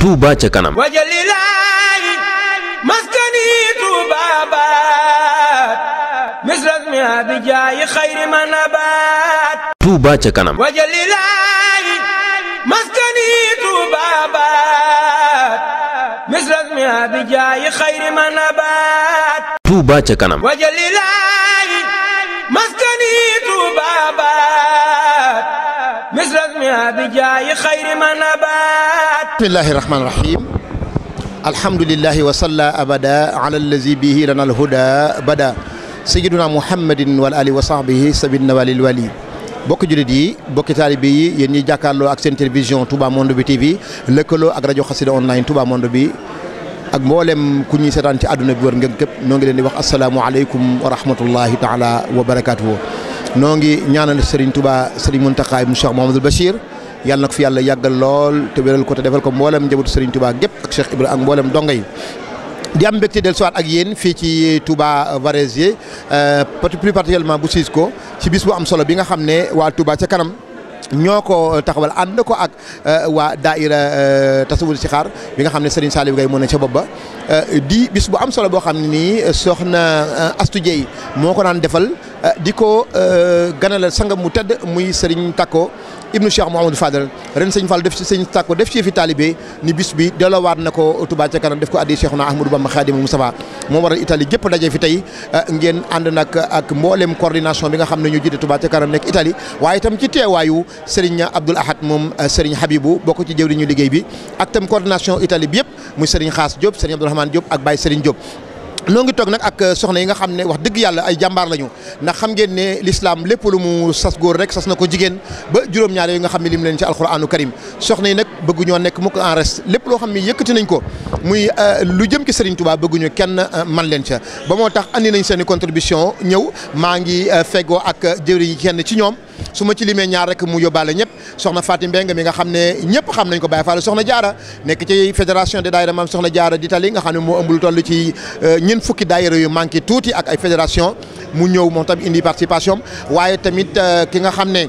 Touba ca kanam wajalilaahi maskani Touba baat misras mi abijaayi xayri ma nabaat Touba ca kanam wajalilaahi maskani Touba baat misras mi abijaayi xayri ma nabaat Touba ca kanam wajalilaahi bijaayi xayri man abaat bismillahi rahmaani wa salla abada ala allazi bihi lana alhuda bada sayiduna muhammadin wal ali wa sahbihi sabidna walil wali bokki jullit yi bokki taalibe yi yéen ñi jàkkaarloo ak seen télévision bi TV lëkkaloo ak rajo xasida online Touba Monde bi ak mboolem ku ñuy seetaan ci àdduna bi war ngeen képp noo ngi leen di wax asalaamualeykum wa rahmatullahi taala wa noo ngi ñaanal Serigne Touba Serigne Mountakha mu Cheikh Mouhamadul Bachir yàlla na ko fi yàlla yàggal lool te wéral ko te defal ko mboolem njabootu Serigne Touba gépp ak Cheikh Ibrahima ak mboolem donga yi. di am mbégte del soir ak yéen fii ci Touba Varese euh, plus particulièrement bu ko ci bis bu am solo bi nga xam ne waa Touba ca kanam. ñoo ko taxawal ànd ko ak euh, waa daaira euh, tasawul sixaar bi nga xam ne Serigne Saliou Gueye moo ne ca bopp ba di bis bu am solo boo xam ne nii soxna Astou Dieye moo ko daan defal Euh, di ko euh, ganalal sanga mu tedd muy Serigne Tako ibnu Cheikh Mouhamadou Fadal ren sëñ Fall def ci sëñ Tako def ci fi taalibe ni bis bi delloowaat na ko Touba ca kanam def ko addi Cheikhuna Ahmadou Bamba Khadim Moustapha moo waral Italie gépp daje fi tey euh, ngeen ànd nag ak mboolem coordination bi nga xam ne ñu jiite Touba ca kanam nekk itali waaye tam ci teewaayu Serigne Abdoul Ahad moom Serigne Habibou bokk ci jëwriñu liggéey bi ak tam coordination itali bi yëpp muy Serigne Xaas Diop Serigne Abdourahmane Diop ak Baye Serigne Diop. noo ngi toog nag ak euh, soxna yi nga xam ne wax dëgg yàlla ay jàmbaar lañu ndax xam ngeen ne lislaam lépp lu mu sas góor rek sas na ko jigéen ba juróom-ñaar yi nga xam ne lim leen ci alquranu karim soxna yi nag bëggu nekk mu ko en reste lépp loo xam ne yëkkati nañ ko muy euh, lu jëm ci Serigne Touba bëgguñu kenn euh, man leen ca ba moo tax andi nañ seen i contribution ñëw maa ngi euh, fegoo ak jëwriñ kenn ci ñoom su ma ci limee ñaar rek mu yóbbaale ñëpp soxna Fatim Mbeng mi nga xam ne ñëpp xam nañ ko Baye Fall soxna Jaara nekk ci fédération des daayira maam soxna Jaara di tali nga xam ne moo ëmb lu toll ci ñeent fukki daayira yu manqué tuuti ak ay fédération mu ñëw moo tam indi participation waaye tamit ki nga xam ne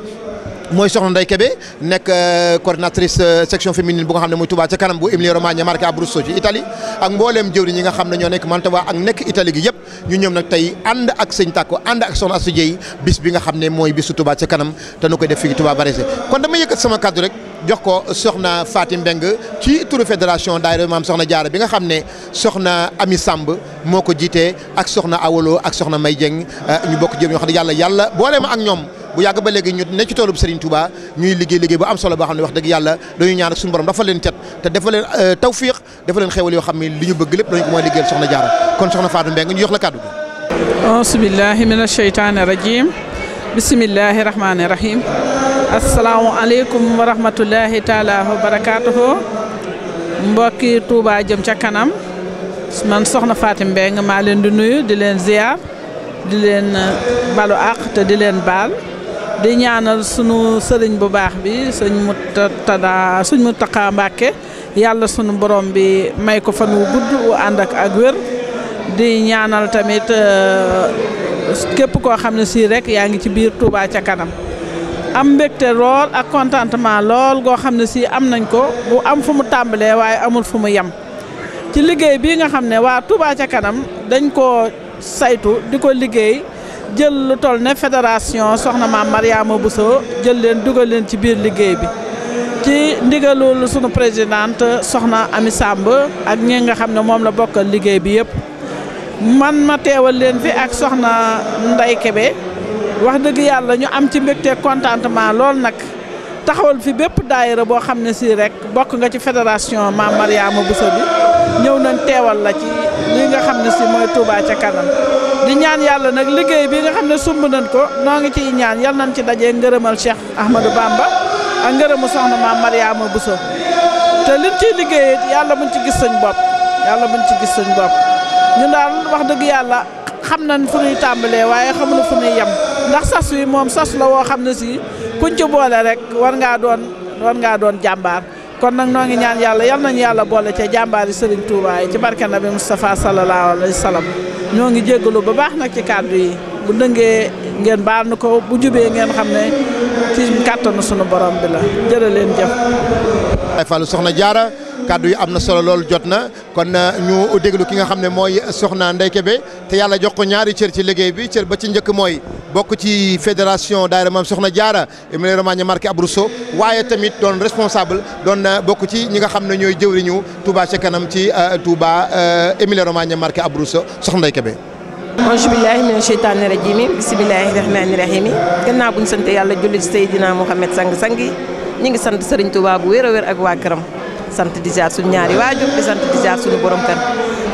mooy soxna Ndeye Kébé nekk euh, coordinatrice euh, section féminine bu nga xam ne mooy Touba ca kanam bu Emilia Romagna marché Abruzzo ci Italie ak mbooleem jëwri ñi nga xam ne ñoo nekk Mantova ak nekk Italie gi yëpp ñu ñoom nag tey ànd ak sëñ Tako ànd ak soxna Astou Dieye bis bi nga xam ne mooy bisu Touba ca kanam te nu koy def fii Touba Varese kon dama yëkkat sama kaddu rek jox ko soxna faati mbeng ci turu fédération daayira maam soxna Jaara bi nga xam ne soxna Ami Samb moo ko jiitee ak soxna Awolo ak soxna May Dieng euh, ñu bokk jëm yoo yàlla yàlla boole ak ñoom bu yàgg ba léegi ñu ne ci toolub Serigne Touba ñuy liggéey liggéey bu am solo boo xam ne wax yàlla dañuy ñaan ak suñu borom dafa leen cet te dafa leen euh, tawfiix dafa leen xewal yoo xam ne li ñu bëgg lépp dañu ko mooy liggéeyal soxna Jaara kon soxna Fatou Mbengue ñu jox la kàddu gi auzu billaahi mina sheytaani rajiim bismillaahi rahmaani aleykum wa rahmatullaahi taalaa wa jëm ca kanam soxna Fatou Mbengue maa leen di nuyu di leen ziar di leen euh, balu àq te di leen baal di ñaanal sunu sëriñ bu baax bi sëñ Murtada sëñ Murtada Mbàkke yàlla sunu borom bi may ko fan wu gudd wu ànd ak ak wér di ñaanal tamit euh, képp koo xam ne sii rek yaa ngi ci biir Touba ca kanam am mbégte lool ak contentement lool goo xam ne sii am nañ ko bu am fu mu tàmbalee waaye amul fu mu yem ci liggéey bii nga xam ne waa Touba ca kanam dañ koo saytu di ko liggéey jël lu toll ne fédération soxna maam Mariama Bousso jël leen dugal leen ci biir liggéey bi ci ndigalul sunu présidente soxna Ami sàmb ak ñi nga xam ne moom la bokkal liggéey bi yëpp man ma teewal leen fi ak soxna Ndey Kebe wax dëgg yàlla ñu am ci mbégte contentement lool nag taxawal fi bépp daayira boo xam ne si rek bokk nga ci fédération maam Mariama Bousso bi ñëw nañ teewal la ci li nga xam ne si mooy Touba ca kanam di ñaan yàlla nag liggéey bii nga xam ne sumb nañ ko noo ngi ciy ñaan yal nañ ci dajee ngërëmal Cheikh Ahmadou Bamba ak ngërëmu soxna maam Mariama Bousso te liñ ciy liggéey yàlla buñ ci gis suñ bopp yàlla buñ ci gis suñ bopp ñun daal wax dëgg yàlla xam nañ fu ñuy tàmbalee waaye xamuñu fu ñuy yem ndax sas wi moom sas la woo xam ne si kuñ ci boole rek war ngaa doon war ngaa doon jàmbaar kon nag noo ngi ñaan yàlla yal nañu yàlla boole ca jàmbaari Serigne Touba yi ci barke Nabi Moustapha sallallahu alayhi wa sallam ñoo ngi jéggalu bu baax nag ci kàddu yi bu dëngee ngeen baal nu ko bu jubee ngeen xam ne ci kàttanu sunu borom bi la jërë leen jëf. Soxna Diarra. kàddu yi am na solo loolu jot na kon euh, ñu déglu ki nga xam ne mooy soxna Ndeye Kébé te yàlla jox ko ñaari cër ci liggéey bi cër ba ci njëkk mooy bokk ci fédération daayira Maam Soxna Jaara Emilia Romagna Marche Abruzzo waaye tamit doon responsable doon euh, bokk ci ñi nga xam ne ñooy jëwriñu Touba ca kanam ci euh, Touba Emilia Romagna Marche Abruzzo soxna Ndeye Kébé auzu billaahi mina sheytaani rajiimi bismillaahi rahmaani rahiimi gannaaw bu ñu sant yàlla julli ci Seydina Muhammad sang sang yi ñu a sant di ziar suñu ñaari waajur di sant di ziar suñu borom kër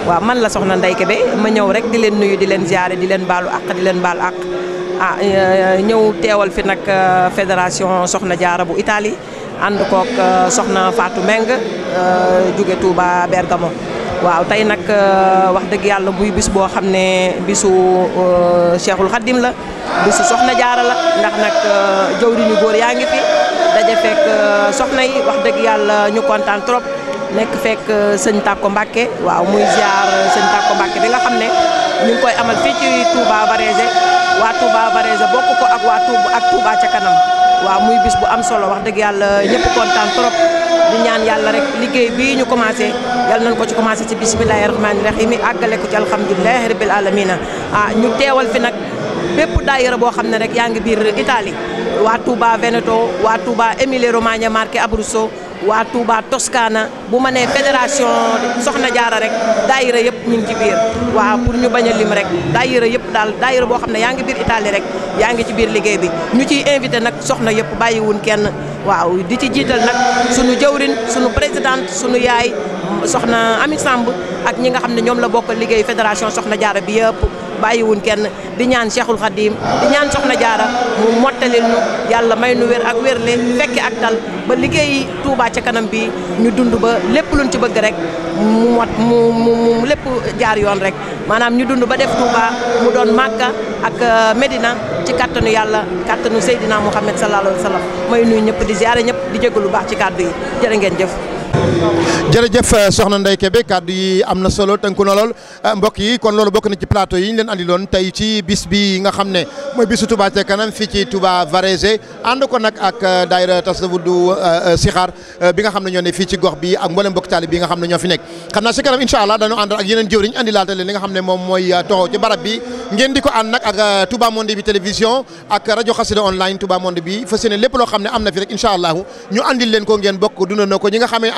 waaw man la soxna Ndeye Kébé ma ñëw rek di leen nuyu di leen ziare di leen baalu àq di leen baal àq ah euh, ñëw teewal fi nag euh, fédération soxna jaara bu itali ànd kook euh, soxna Fatou Meng jóge Touba Bergamo waaw tey nag wax dëgg yàlla muy bis boo xam ne bisu Cheikhul Khadim la bisu soxna jaara la ndax nag jawriñu góor yaa ngi fi daje fekk euh, soxna yi wax dëgg yàlla ñu kontaan trop nekk fekk euh, sëñ Tako mbàkke waaw muy ziar euh, sëñ Tako Mbacke bi nga xam ne ñu ngi koy amal fii ci Touba Varese waa Touba Varese bokk ko ak waa Touba ak Touba ca kanam waaw muy bis bu am solo wax dëgg yàlla ñëpp kontaan trop di ñaan yàlla rek liggéey bii ñu commencé yal nañ ko ci commencé ci bismillahi rahmaani rahim àggale ko ci alhamdulilahi rabil alamina ah ñu teewal fi bépp daayira boo xam ne rek yaa ngi biir Italie waa Touba Veneto waa Touba Emilia Romagna Marche Abruzzo waa Touba Toscana bu ma nee fédération Soxna Jaara rek daayira yëpp ñu ngi ci biir waaw pour ñu bañ a lim rek daayira yëpp daal daayira boo xam ne yaa ngi biir Italie rek yaa ngi ci biir liggéey bi ñu ciy invité nag soxna yëpp bàyyiwun kenn waaw di ci jiital nag sunu jëwrin sunu présidente sunu yaay soxna Ami Samb ak ñi nga xam ne ñoom la bokk liggéey fédération Soxna Jaara bi yëpp bàyyiwuñ kenn di ñaan seexul Khadim di ñaan Soxna Jaara mu mottalil nu yàlla may nu wér ak wérle fekke ak dal ba liggéey Touba ca kanam bi ñu dund ba lépp luñ ci bëgg rek mu mot mu mu lépp jaar yoon rek maanaam ñu dund ba def Touba mu doon Màkka ak euh, Medina ci kàttanu yàlla kàttanu Seydina Mouhamed sallallahu alayhi wa sallam may nuyu ñëpp di ziare ñëpp di lu baax ci kàddu yi jërë ngeen jëf jërëjëf eh, soxna Ndeye Kébé kàddu yi am na solo tënku na lool eh, mbokk yi kon loolu bokk na ci plateau yi ñu leen andiloon tey ci bis bi nga xam ne mooy bisu Touba ca kanam fii ci Touba Varese ànd ko nag ak eh, daayira Tasawudu Sixaar bi nga xam ne ñoo ne fii ci gox bi ak mboolem mbokk taalib bi nga xam ne ñoo fi nekk xam naa si kanam incha allah dañoo àndal ak yeneen jëwriñ andilaata leen nga xam ne moom mooy toxoo ci barab bi ngeen di ko ànd nag ak Touba Monde bi télévision ak rajo Xassida online Touba Monde bi fas yéene loo xam ne am na fi rek incha allah ñu andil ko ngeen bokk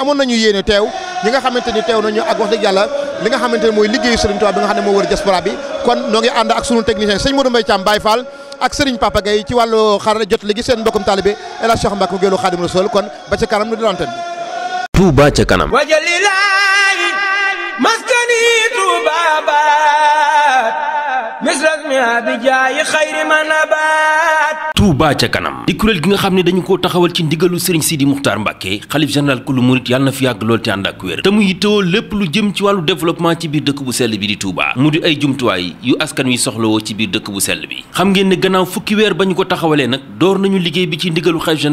amoon nañu yéene teew ñi nga xamante ni teew nañu ak wax dëgg yàlla li nga xamante ne mooy liggéeyu Serigne Touba bi nga xam ne moo wër diaspora bi kon noo ngi ànd ak sunu technicien sëñ Modou Mbaye Thiam Baye Fall ak Serigne Papa ci wàllu xarala jot léegi seen mbokkum taalibe El Hadj Cheikh Mbacke Gueye Khadim Rassoul kon ba ca kanam nu di l'antenne Touba ca kanam wajalilaay maskani Touba baat Touba ca kanam di kuréel gi nga xam ne dañu koo taxawal ci ndigalu Serigne Sidi Muxtaar Mbàkke xalif général kulu murit yàlla na fi yàgg lool te ànd ak wér te mu yittewoo lépp lu jëm ci wàllu développement ci biir bu sell bi di Touba mu di ay jumtuwaay yu askan wi soxlawoo ci biir dëkk bu sell bi xam ngeen ne gannaaw fukki weer ba ñu ko taxawalee nag door nañu liggéey bi ci ndigalu xalif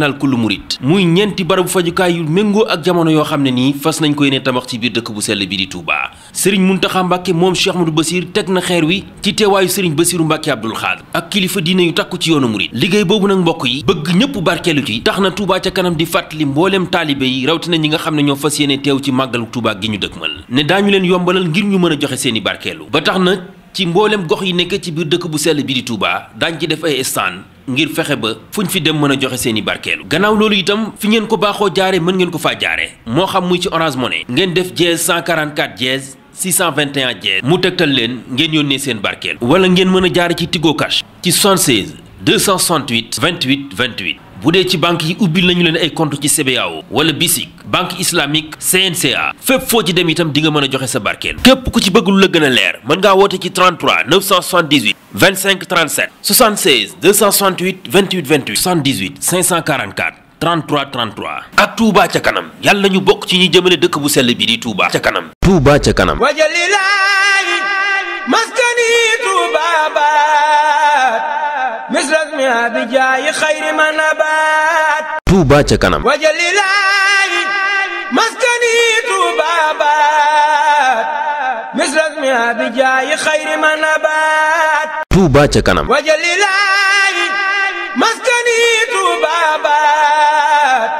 yoo xam ne nii fas nañ ko yéene tabax ci biir dëkk bu sell bi di Touba Serigne Muntaxa Mbàkke moom Cheikh Ahmadou Bassir teg na xeer wi ci teewaayu Serigne Bassirou Mbàkke Abdoul Khadr ak kilifa diine yu takku ci yoonu murit liggéey boobu nag mbokk yi bëgg ñëpp barkeelu ci tax na Touba ca kanam di fàttali mbooleem taalibe yi rawatina ñi nga xam ne ñoo fas yéene teew ci màggalu Touba gi ñu dëkkmal ne daañu leen yombalal ngir ñu mën a joxe seeni barkeelu ba tax na ci mbooleem gox yi nekk ci biir dëkk bu sell bi di Touba daañ ci def ay stand ngir fexe ba fu ñu fi dem mën a joxe seeni barkeelu gannaaw loolu itam fi ngeen ko baaxoo jaare mën ngeen ko faa jaare moo xam muy ci Orange Money ngeen def dièse 144 dièse 621 dièse mu tegtal leen ngeen yónnee seen barkeelu wala ngeen mën a jaare ci Tigo Cash ci 76 268 28 28 bu dee ci banque yi ubbil nañu leen ay compte ci CBAO wala BICIC banque islamique CNCA fépp foo ci dem itam di nga mën a joxe sa barkeel képp ku ci bëgg lu la gën a leer mën ngaa woote ci 33 978 25 37 76 268 28 28 78 544 33 33 ak Touba ca kanam yàlla ñu bokk ci ñi jëmale dëkk bu sell bi di Touba ca kanam. Touba ca kanam. dunya bi jaayi xayri ma nabaat Touba ca kanam wajalilaahi maskani Touba baat misrasmi bi jaayi xayri ma nabaat Touba ca kanam wajalilaahi maskani Touba baat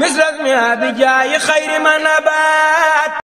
misrasmi bi jaayi xayri ma nabaat